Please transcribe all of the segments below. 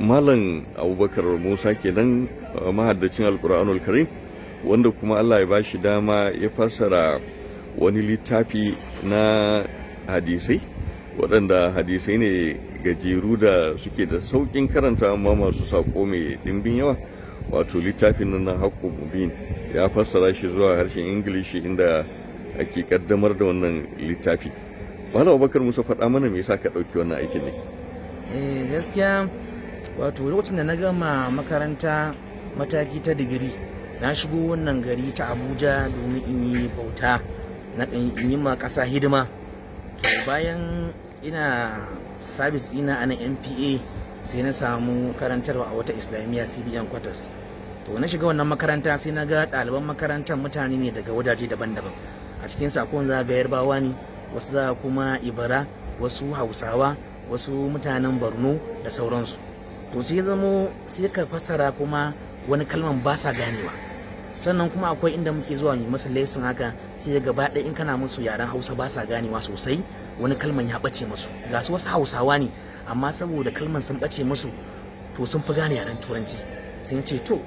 malam abubakar musa kenan eh, mahaddacin alkur'anul karim wanda kuma allah ya bashi dama ya fassara wani littafi na hadisai waɗanda hadisai ne gajeru da suke da sauƙin karanta amma masu saƙo mai ɗimbin yawa wato littafin nan na haƙƙo mubin ya fassara shi zuwa harshen ingilishi inda ake ƙaddamar da wannan littafi malam abubakar musa faɗa mana me yasa ka ɗauki wannan aikin ne eh, gaskiya wato lokacin da na gama makaranta mataki ta digiri na shigo wannan gari ta abuja domin in yi bauta na in yi ma ƙasa hidima to bayan ina sabis ɗina ana mpa npa sai na samu karantarwa a wata islamiyya cbn quarters to na shiga wannan makaranta sai na ga ɗaliban makarantar mutane ne daga wajaje daban-daban a cikin sakon za ga yarbawa ne wasu za kuma ibara wasu hausawa wasu mutanen borno da sauransu to sai zamo sai ka fassara kuma wani kalman ba sa ganewa sannan kuma akwai inda muke zuwa mu musu lesson haka sai gaba ɗaya in kana musu yaren hausa ba sa ganewa sosai wani kalman ya bace musu ga su wasu hausawa ne amma saboda kalman sun bace musu to sun fi gane yaren turanci sai ce to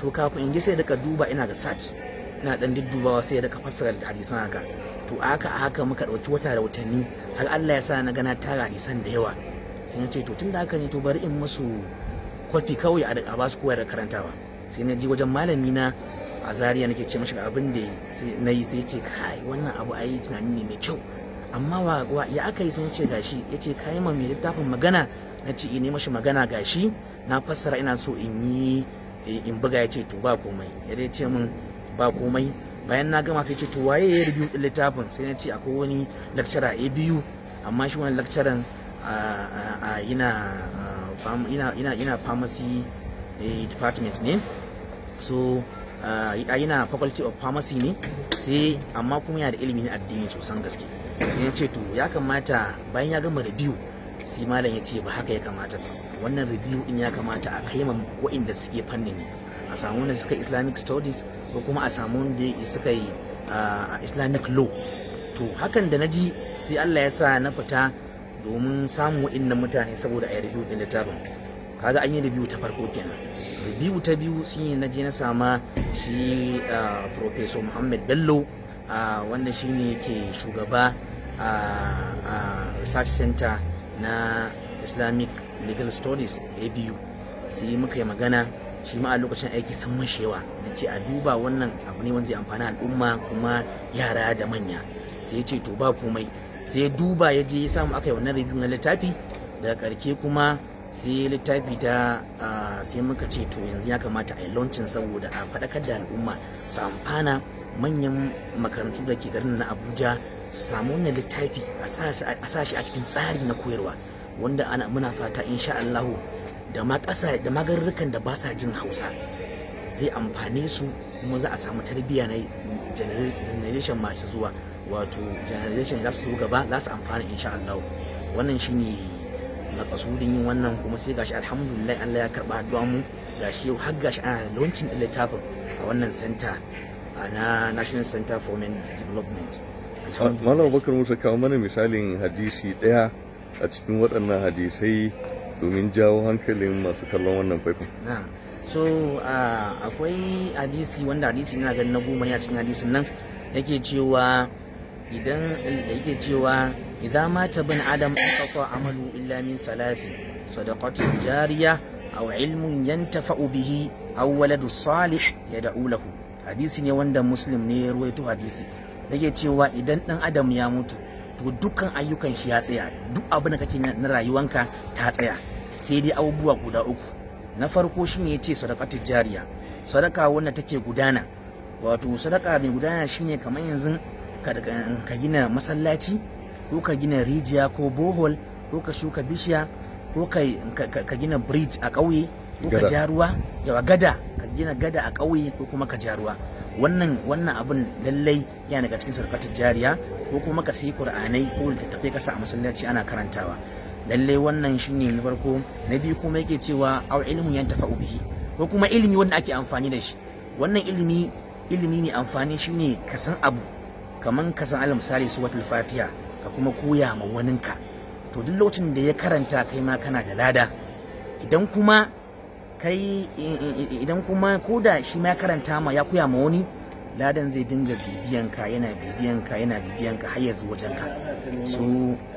to kafin in je sai daga duba ina ga search ina dan dubawa sai daga fassara da hadisan haka to a haka muka ɗauki wata da watanni har Allah ya sa na gana tara hadisan da yawa sai na ce to da aka ne to bari in musu kwafi kawai a ba su kowa da karantawa sai na ji wajen malami na a zaria nake ce mashi abin da na yi sai ce kai wannan abu a yi tunani ne mai kyau amma wa ya aka yi sun ce gashi ya ce kayi ma mai littafin magana na ce eh, ne mashi magana gashi na fassara ina so in yi eh, in buga ya ce to ba komai ya dai ce min ba komai bayan na gama sai ce to waye ya rubuta littafin sai na ce akwai wani lakcara a biyu amma shi wani lakcaran ina ina ina ina pharmacy eh, department ne so a yana faculty of pharmacy ne sai amma kuma yana da ilimi addini sosan gaske sai ya ce to ya kamata bayan ya gama review sai malam ya ce ba haka ya kamata wannan review din ya kamata a kai ma waɗanda suke fannin ne a samu wanda suka islamic studies ko kuma a samu wanda suka yi islamic law to hakan da na ji sai allah ya sa na fita domin samun wa'innan mutane saboda a yi review ɗin littafin kaga an yi review ta farko kenan review ta biyu shine na je na sama shi professor muhammad bello wanda shine ke shugaba a research center na islamic legal studies abu sai muka yi magana shi ma a lokacin aiki sun mashewa na ce a duba wannan abu ne wanda zai amfani al'umma kuma yara da manya sai ya ce to ba komai sai duba ya je ya samu aka yi wannan review na littafi da karke kuma sai littafi ta sai muka ce to yanzu ya kamata a yi launching saboda a faɗakar da al'umma su amfana manyan makarantu da ke garin na abuja su samu wannan littafi a sa shi a cikin tsari na koyarwa wanda ana muna fata insha Allah da ma da magarrukan da ba sa jin hausa zai amfane su kuma za a samu tarbiyya na generation masu zuwa wato generalization za su zo gaba za su amfana insha Allah wannan shine makasudin yin wannan kuma sai gashi alhamdulillah Allah ya karba addu'a mu gashi yau har gashi ana launching din littafin a wannan center na National Center for Men Development Malam Bakar Musa kawo mana misalin hadisi daya a cikin waɗannan hadisai domin jawo hankalin masu kallon wannan faifan. So akwai hadisi wanda hadisi na ganin na goma ne a cikin hadisin nan yake cewa idan yake cewa idan mata bin adam kakwa amalu illa min thalathi sadaqatun jariya aw ilmun yantafa'u bihi aw waladu salih yad'u lahu hadisi ne wanda muslim ne ya ruwaito hadisi yake cewa idan dan adam ya mutu to dukkan ayyukan shi ya tsaya duk abin da kake na rayuwanka ta tsaya sai dai abubuwa guda uku na farko shine yace sadaqatun jariya sadaka wanda take gudana wato sadaka mai gudana shine kamar yanzu ka gina masallaci ko ka gina rijiya ko bohol ko ka shuka bishiya ko ka gina bridge a ƙauye ko ka ja ruwa yawa gada ka gina gada a ƙauye ko kuma ka ja ruwa wannan wannan abin lallai yana daga cikin sarkata jariya ko kuma ka sayi qur'anai ko littattafai ka sa a masallaci ana karantawa lallai wannan shine na farko na biyu kuma yake cewa aw ilmu yantafa'u bihi ko kuma ilimi wanda ake amfani da shi wannan ilimi ilimi ne amfani shine ka san abu kaman ka san alal misali suratul fatiha ka kuma koya ma waninka to duk lokacin da ya karanta kai ma kana da lada idan kuma kai idan kuma ko da shi ma karanta ma ya koya ma wani ladan zai dinga bibiyan ka yana bibiyan ka yana bibiyan ka har ya zo wajen ka so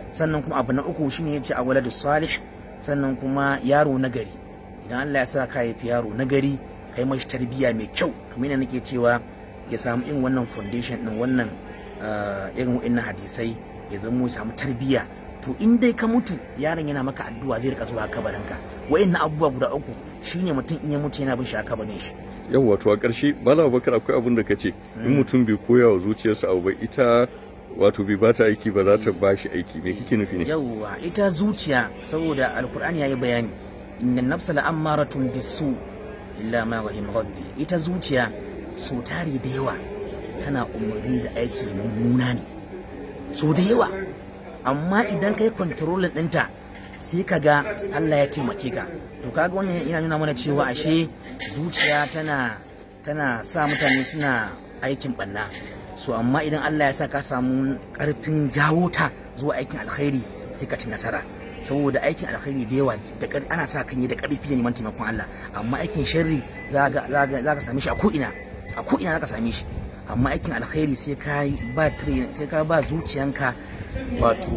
sannan kuma abu na uku shine yace a waladu salih sannan kuma yaro nagari idan Allah ya sa ka haifi yaro nagari kai mashi tarbiyya mai kyau kamar yadda nake cewa ya samu in wannan foundation din wannan eh, irin wa'annan hadisai ya ya samu tarbiyya to in dai ka mutu yaron yana maka addu'a zai rika zuwa kabarinka wa'annan abubuwa guda uku shine mutum in ya mutu yana bin shi a kabarin shi yau wato a ƙarshe malam bakar akwai abin da ka ce in hmm. mutum bai koya wa zuciyarsa abu ba ita wato bai bata aiki ba za ta bashi aiki me kike nufi ne yauwa ita zuciya saboda alkur'ani yayi bayani inna nafsa la'ammaratun bisu illa ma rahim rabbi ita zuciya so tare da yawa tana umarni da aiki mummuna ne so da yawa amma idan kai kwantarolin ɗinta sai ka ga Allah ya taimake ka to kaga wannan yana nuna mana cewa ashe zuciya tana tana sa mutane suna aikin banna so amma idan Allah ya sa ka samu karfin jawo ta zuwa aikin alkhairi sai ka ci nasara saboda aikin alkhairi da yawa ana sa kan yi da karfi da neman taimakon Allah amma aikin sharri za ka same shi a ko'ina a ko ina ka same shi amma aikin alkhairi sai ka ba training sai ka ba zuciyanka wato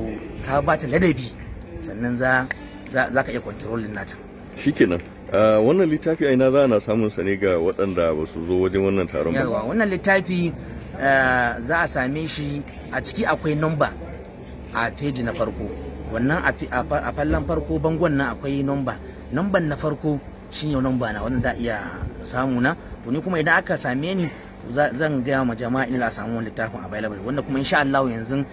ka ba ta ladabi sannan za za ka iya din nata shikenan wannan littafi a ina za na samun sa ne ga waɗanda ba su zo wajen wannan taron ba yawa wannan littafi eh, za a same shi a ciki akwai number a feji na farko wannan a fallan farko bangon nan akwai number number na farko shine number na wanda da iya samu na to ni kuma idan aka same ni zan gaya ma jama'a in za a samu wani littafin available wanda kuma insha Allah yanzu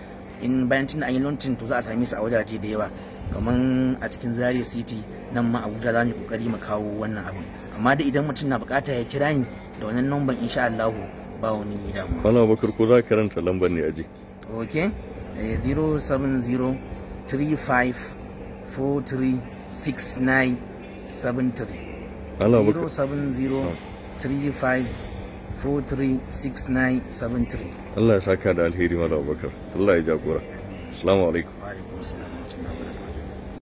in bayan tun an yi launching to za a same su a wajaje da yawa kamar a cikin Zaria City nan ma Abuja za mu kokari mu kawo wannan abin amma da idan mutum na bukata ya kira ni da wannan number insha Allah ba wani damuwa Allah Bakar ko za ka karanta lambar ne aje Okay 070 35 43 69 73 07035436973 Allah ya saka da alheri mala abubakar Allah ya jagora assalamu